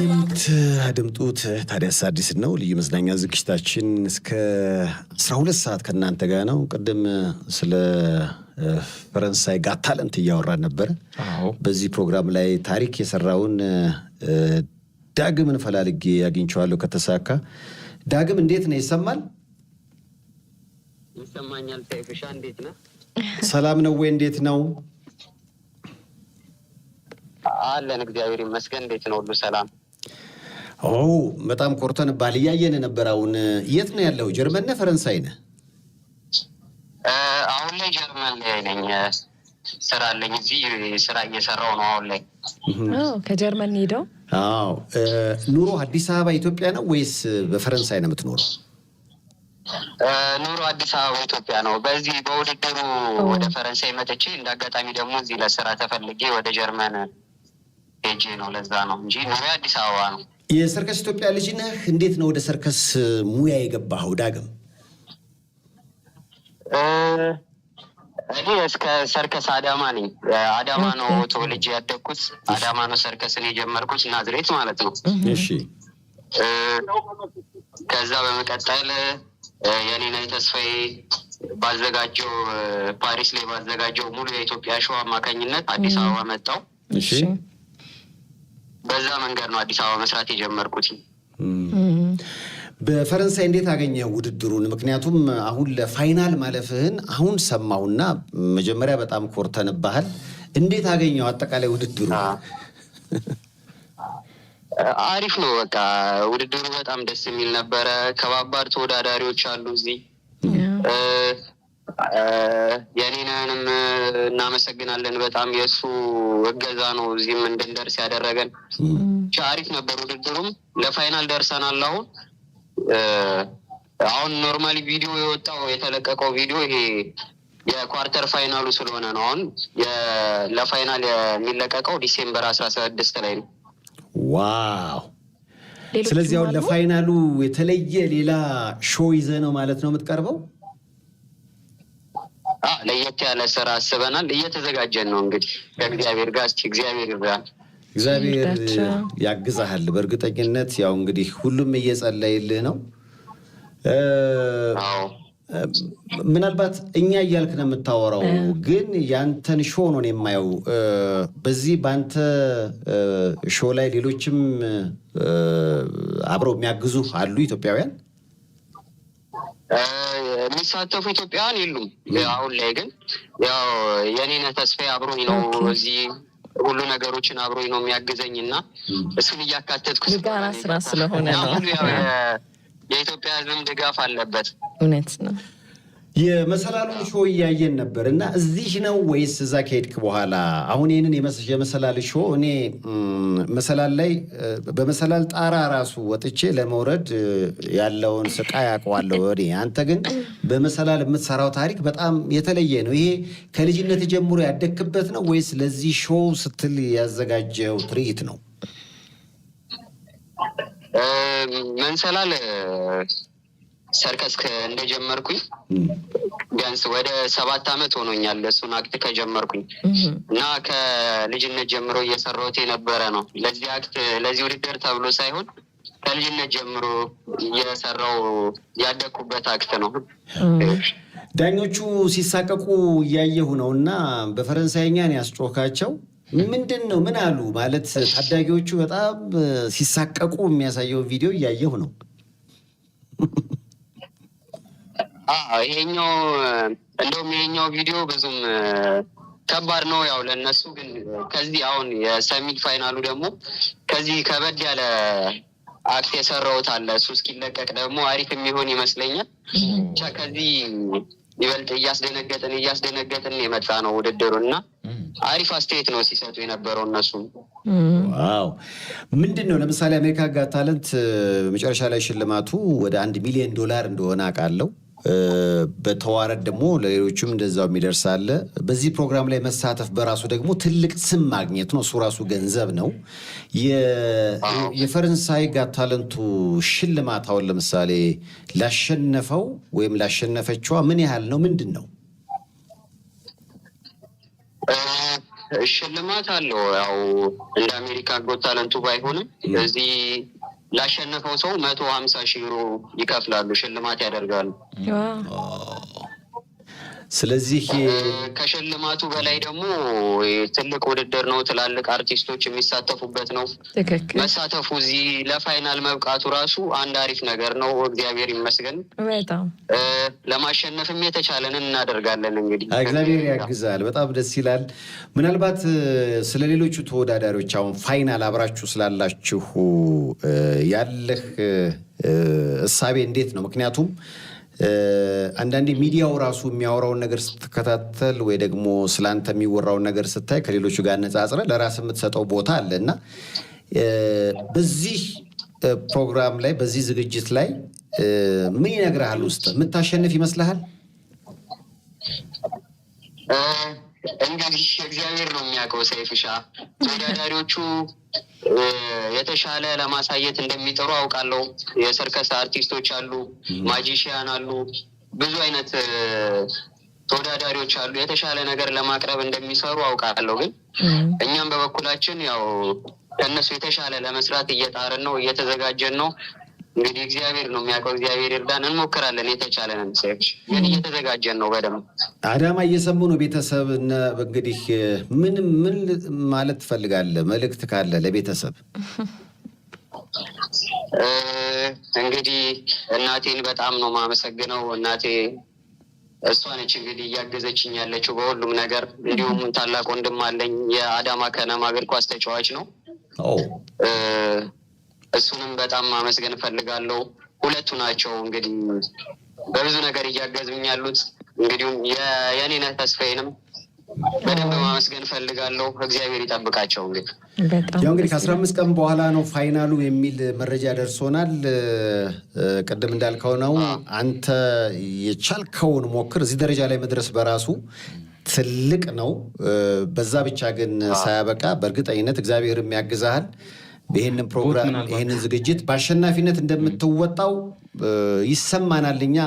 የምትደምጡት ታዲያስ አዲስ ነው። ልዩ መዝናኛ ዝግጅታችን እስከ 12 ሰዓት ከእናንተ ጋር ነው። ቅድም ስለ ፈረንሳይ ጋት ታለንት እያወራን ነበረ። በዚህ ፕሮግራም ላይ ታሪክ የሰራውን ዳግምን ፈላልጌ አግኝቼዋለሁ። ከተሳካ ዳግም እንዴት ነው? ይሰማል? ይሰማኛል። እንዴት ነው? ሰላም ነው ወይ? እንዴት ነው አለን? እግዚአብሔር ይመስገን። እንዴት ነው? ሁሉ ሰላም በጣም ቆርጠንባል። እያየን ነበር። አሁን የት ነው ያለው? ጀርመን ነህ? ፈረንሳይ ነህ? አሁን ላይ ጀርመን ላይ ነኝ። ስራ አለኝ እዚህ ስራ እየሰራው ነው አሁን ላይ። ከጀርመን ሄደው። አዎ ኑሮ አዲስ አበባ ኢትዮጵያ ነው ወይስ በፈረንሳይ ነው የምትኖረው? ኑሮ አዲስ አበባ ኢትዮጵያ ነው። በዚህ በውድድሩ ወደ ፈረንሳይ መጥቼ እንደ አጋጣሚ ደግሞ እዚህ ለስራ ተፈልጌ ወደ ጀርመን ሄጄ ነው። ለዛ ነው እንጂ ኑሮ አዲስ አበባ ነው። የሰርከስ ኢትዮጵያ ልጅ ነህ። እንዴት ነው ወደ ሰርከስ ሙያ የገባኸው? ዳግም እኔ እስከ ሰርከስ አዳማ ነኝ። አዳማ ነው ተወልጄ ያደግኩት። አዳማ ነው ሰርከስን የጀመርኩት፣ ናዝሬት ማለት ነው። እሺ። ከዛ በመቀጠል የኔና ተስፋዬ ባዘጋጀው ፓሪስ ላይ ባዘጋጀው ሙሉ የኢትዮጵያ ሾው አማካኝነት አዲስ አበባ መጣው። እሺ በዛ መንገድ ነው አዲስ አበባ መስራት የጀመርኩት። በፈረንሳይ እንዴት አገኘ ውድድሩን? ምክንያቱም አሁን ለፋይናል ማለፍህን አሁን ሰማሁና መጀመሪያ በጣም ኮርተንባሃል። እንዴት አገኘው አጠቃላይ ውድድሩ? አሪፍ ነው። በቃ ውድድሩ በጣም ደስ የሚል ነበረ። ከባባድ ተወዳዳሪዎች አሉ እዚህ የኔንንም እናመሰግናለን። በጣም የእሱ እገዛ ነው እዚህም እንድንደርስ ያደረገን። አሪፍ ነበር ውድድሩም። ለፋይናል ደርሰናል። አሁን አሁን ኖርማሊ ቪዲዮ የወጣው የተለቀቀው ቪዲዮ ይሄ የኳርተር ፋይናሉ ስለሆነ ነው። አሁን ለፋይናል የሚለቀቀው ዲሴምበር አስራ ስድስት ላይ ነው። ዋው! ስለዚህ አሁን ለፋይናሉ የተለየ ሌላ ሾው ይዘ ነው ማለት ነው የምትቀርበው? ለየት ያለ ስራ አስበናል። እየተዘጋጀን ነው እንግዲህ ከእግዚአብሔር ጋር እስኪ እግዚአብሔር ይርዳል። እግዚአብሔር ያግዛሃል። በእርግጠኝነት ያው እንግዲህ ሁሉም እየጸለይልህ ነው። ምናልባት እኛ እያልክ ነው የምታወራው፣ ግን ያንተን ሾ ነው የማየው። በዚህ በአንተ ሾ ላይ ሌሎችም አብረው የሚያግዙ አሉ ኢትዮጵያውያን የሚሳተፉ ኢትዮጵያውያን የሉም። አሁን ላይ ግን ያው የኔነ ተስፋ አብሮኝ ነው እዚህ ሁሉ ነገሮችን አብሮኝ ነው የሚያግዘኝ እና እሱን እያካተትኩ ስራ ስለሆነ የኢትዮጵያ ሕዝብም ድጋፍ አለበት። እውነት ነው። የመሰላሉን ሾ እያየን ነበር እና እዚህ ነው ወይስ እዛ ከሄድክ በኋላ? አሁን ይህንን የመሰላል ሾ እኔ መሰላል ላይ በመሰላል ጣራ ራሱ ወጥቼ ለመውረድ ያለውን ስቃይ አውቀዋለሁ። እኔ አንተ ግን በመሰላል የምትሰራው ታሪክ በጣም የተለየ ነው። ይሄ ከልጅነት ጀምሮ ያደግክበት ነው ወይስ ለዚህ ሾ ስትል ያዘጋጀው ትርኢት ነው? መንሰላል ሰርከስ እንደጀመርኩኝ ቢያንስ ወደ ሰባት አመት ሆኖኛል እሱን አክት ከጀመርኩኝ እና ከልጅነት ጀምሮ እየሰራሁት የነበረ ነው። ለዚህ አክት ለዚህ ውድድር ተብሎ ሳይሆን ከልጅነት ጀምሮ እየሰራው ያደግኩበት አክት ነው። ዳኞቹ ሲሳቀቁ እያየሁ ነው እና በፈረንሳይኛ ነው ያስጮካቸው። ምንድን ነው ምን አሉ ማለት ታዳጊዎቹ በጣም ሲሳቀቁ የሚያሳየው ቪዲዮ እያየሁ ነው። ይሄኛው እንደውም ይሄኛው ቪዲዮ ብዙም ከባድ ነው ያው ለእነሱ ግን ከዚህ አሁን የሰሚድ ፋይናሉ ደግሞ ከዚህ ከበድ ያለ አክት የሰራውት አለ። እሱ እስኪለቀቅ ደግሞ አሪፍ የሚሆን ይመስለኛል። ብቻ ከዚህ ይበልጥ እያስደነገጥን እያስደነገጥን የመጣ ነው ውድድሩ እና አሪፍ አስተያየት ነው ሲሰጡ የነበረው እነሱ። ዋው ምንድን ነው ለምሳሌ አሜሪካ ጋር ታለንት መጨረሻ ላይ ሽልማቱ ወደ አንድ ሚሊዮን ዶላር እንደሆነ አውቃለሁ። በተዋረድ ደግሞ ለሌሎችም እንደዛው የሚደርስ አለ። በዚህ ፕሮግራም ላይ መሳተፍ በራሱ ደግሞ ትልቅ ስም ማግኘት ነው። እሱ ራሱ ገንዘብ ነው። የፈረንሳይ ጋ ታለንቱ ሽልማት አሁን ለምሳሌ ላሸነፈው ወይም ላሸነፈችዋ ምን ያህል ነው? ምንድን ነው ሽልማት አለው? ያው እንደ አሜሪካ ጎት ታለንቱ ባይሆንም እዚህ ላሸነፈው ሰው መቶ ሀምሳ ሺህ ዩሮ ይከፍላሉ፣ ሽልማት ያደርጋሉ። ስለዚህ ከሽልማቱ በላይ ደግሞ ትልቅ ውድድር ነው። ትላልቅ አርቲስቶች የሚሳተፉበት ነው። መሳተፉ እዚህ ለፋይናል መብቃቱ ራሱ አንድ አሪፍ ነገር ነው። እግዚአብሔር ይመስገን። በጣም ለማሸነፍም የተቻለንን እናደርጋለን። እንግዲህ እግዚአብሔር ያግዛል። በጣም ደስ ይላል። ምናልባት ስለ ሌሎቹ ተወዳዳሪዎች አሁን ፋይናል አብራችሁ ስላላችሁ ያለህ እሳቤ እንዴት ነው? ምክንያቱም አንዳንዴ ሚዲያው ራሱ የሚያወራውን ነገር ስትከታተል ወይ ደግሞ ስለአንተ የሚወራውን ነገር ስታይ ከሌሎቹ ጋር ነጻጽረ ለራስ የምትሰጠው ቦታ አለ እና በዚህ ፕሮግራም ላይ በዚህ ዝግጅት ላይ ምን ይነግርሃል? ውስጥ የምታሸንፍ ይመስልሃል? እንግዲህ እግዚአብሔር ነው የሚያውቀው። ሰይፍሻ ተወዳዳሪዎቹ የተሻለ ለማሳየት እንደሚጥሩ አውቃለሁ። የሰርከስ አርቲስቶች አሉ፣ ማጂሽያን አሉ፣ ብዙ አይነት ተወዳዳሪዎች አሉ። የተሻለ ነገር ለማቅረብ እንደሚሰሩ አውቃለሁ። ግን እኛም በበኩላችን ያው ከእነሱ የተሻለ ለመስራት እየጣርን ነው፣ እየተዘጋጀን ነው። እንግዲህ እግዚአብሔር ነው የሚያውቀው። እግዚአብሔር ይርዳን። እንሞክራለን የተቻለንን ሰዎች ግን እየተዘጋጀን ነው በደንብ። አዳማ እየሰሙ ነው ቤተሰብ። እንግዲህ ምን ምን ማለት ትፈልጋለህ? መልእክት ካለ ለቤተሰብ እንግዲህ እናቴን በጣም ነው የማመሰግነው። እናቴ እሷ ነች እንግዲህ እያገዘችኝ ያለችው በሁሉም ነገር። እንዲሁም ታላቅ ወንድም አለኝ የአዳማ ከነማ እግር ኳስ ተጫዋች ነው እሱንም በጣም ማመስገን እፈልጋለሁ። ሁለቱ ናቸው እንግዲህ በብዙ ነገር እያገዙኝ ያሉት። እንግዲሁም የኔነ ተስፋዬንም በደንብ ማመስገን እፈልጋለሁ። እግዚአብሔር ይጠብቃቸው። እንግዲህ ያው እንግዲህ ከአስራ አምስት ቀን በኋላ ነው ፋይናሉ የሚል መረጃ ደርሶናል። ቅድም እንዳልከው ነው አንተ የቻልከውን ሞክር። እዚህ ደረጃ ላይ መድረስ በራሱ ትልቅ ነው። በዛ ብቻ ግን ሳያበቃ በእርግጠኝነት እግዚአብሔር ያግዛሃል። ይህንን ፕሮግራም ይህንን ዝግጅት በአሸናፊነት እንደምትወጣው ይሰማናል። እኛ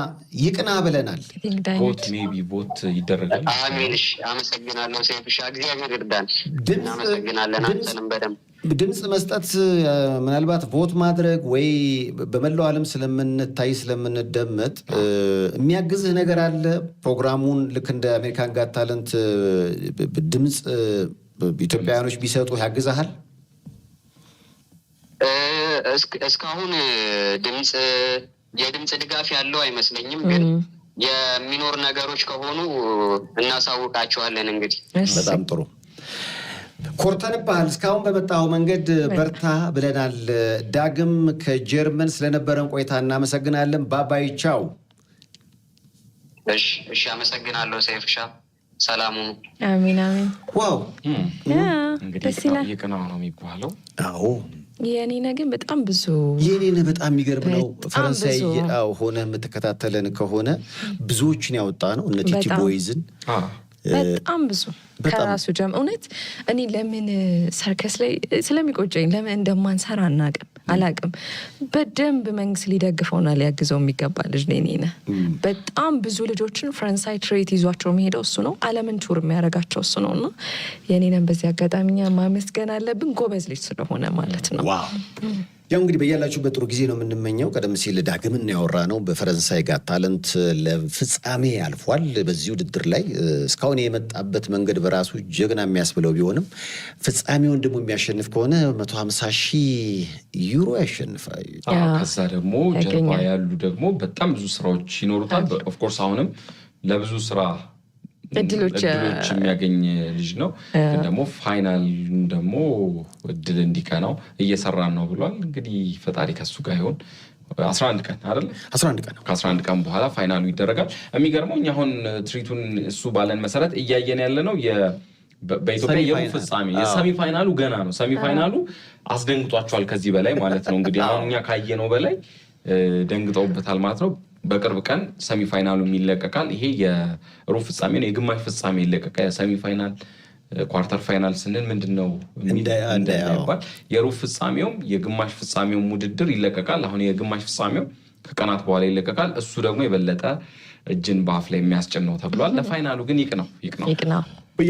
ይቅና ብለናል። ቦት ይደረጋል። አሚንሽ አመሰግናለሁ። ሴፍሻ እግዚአብሔር ይርዳን። እናመሰግናለን። አንተንም ድምፅ መስጠት ምናልባት ቮት ማድረግ ወይ በመላው ዓለም ስለምንታይ ስለምንደመጥ የሚያግዝህ ነገር አለ። ፕሮግራሙን ልክ እንደ አሜሪካን ጋት ታለንት ድምፅ ኢትዮጵያውያኖች ቢሰጡ ያግዝሃል። እስካሁን ድምፅ የድምፅ ድጋፍ ያለው አይመስለኝም ግን የሚኖር ነገሮች ከሆኑ እናሳውቃቸዋለን። እንግዲህ በጣም ጥሩ ኮርተንብሃል። እስካሁን በመጣው መንገድ በርታ ብለናል። ዳግም ከጀርመን ስለነበረን ቆይታ እናመሰግናለን። ባባይ ቻው። እሺ፣ አመሰግናለሁ ሴፍሻ። ሰላሙ አሚን አሚን። ዋው እንግዲህ ነው የሚባለው። አዎ የኔነ ግን በጣም ብዙ የኔነ በጣም የሚገርም ነው። ፈረንሳይ ሆነ የምትከታተለን ከሆነ ብዙዎችን ያወጣ ነው እነ ቲቲ ቦይዝን በጣም ብዙ ከራሱ ጀም እውነት እኔ ለምን ሰርከስ ላይ ስለሚቆጨኝ ለምን እንደማንሰራ አናቅም። አላቅም። በደንብ መንግስት ሊደግፈውና ሊያግዘው የሚገባ ልጅ ነው የኔነ። በጣም ብዙ ልጆችን ፍረንሳይ ትሬት ይዟቸው የሚሄደው እሱ ነው። አለምን ቱር የሚያደርጋቸው እሱ ነው እና የኔነን በዚህ አጋጣሚኛ ማመስገን አለብን፣ ጎበዝ ልጅ ስለሆነ ማለት ነው። ያው እንግዲህ በያላችሁበት ጥሩ ጊዜ ነው የምንመኘው። ቀደም ሲል ዳግም ያወራ ነው በፈረንሳይ ጋት ታለንት ለፍጻሜ አልፏል። በዚህ ውድድር ላይ እስካሁን የመጣበት መንገድ በራሱ ጀግና የሚያስብለው ቢሆንም ፍጻሜውን ደግሞ የሚያሸንፍ ከሆነ 150 ሺህ ዩሮ ያሸንፋል። ከዛ ደግሞ ጀርባ ያሉ ደግሞ በጣም ብዙ ስራዎች ይኖሩታል። ኦፍኮርስ አሁንም ለብዙ ስራ እድሎች የሚያገኝ ልጅ ነው። ግን ደግሞ ፋይናል ደግሞ እድል እንዲቀናው እየሰራን ነው ብሏል። እንግዲህ ፈጣሪ ከሱ ጋር ይሆን። አስራ ቀን አይደለ? አስራ ቀን ነው አንድ ቀን በኋላ ፋይናሉ ይደረጋል። የሚገርመው እኛ አሁን ትሪቱን እሱ ባለን መሰረት እያየን ያለ ነው በኢትዮጵያ የሩ ፍጻሜ የሰሚ ፋይናሉ ገና ነው። ሰሚ ፋይናሉ አስደንግጧቸዋል ከዚህ በላይ ማለት ነው። እንግዲህ አሁን እኛ ካየነው በላይ ደንግጠውበታል ማለት ነው። በቅርብ ቀን ሰሚፋይናሉ ይለቀቃል። ይሄ የሩብ ፍጻሜ ነው። የግማሽ ፍጻሜ ይለቀቃል። ሰሚፋይናል ኳርተር ፋይናል ስንል ምንድን ነው ይባል። የሩብ ፍጻሜውም የግማሽ ፍጻሜውም ውድድር ይለቀቃል። አሁን የግማሽ ፍጻሜው ከቀናት በኋላ ይለቀቃል። እሱ ደግሞ የበለጠ እጅን በአፍ ላይ የሚያስጭን ነው ተብሏል። ለፋይናሉ ግን ይቅ ነው ይቅ ነው።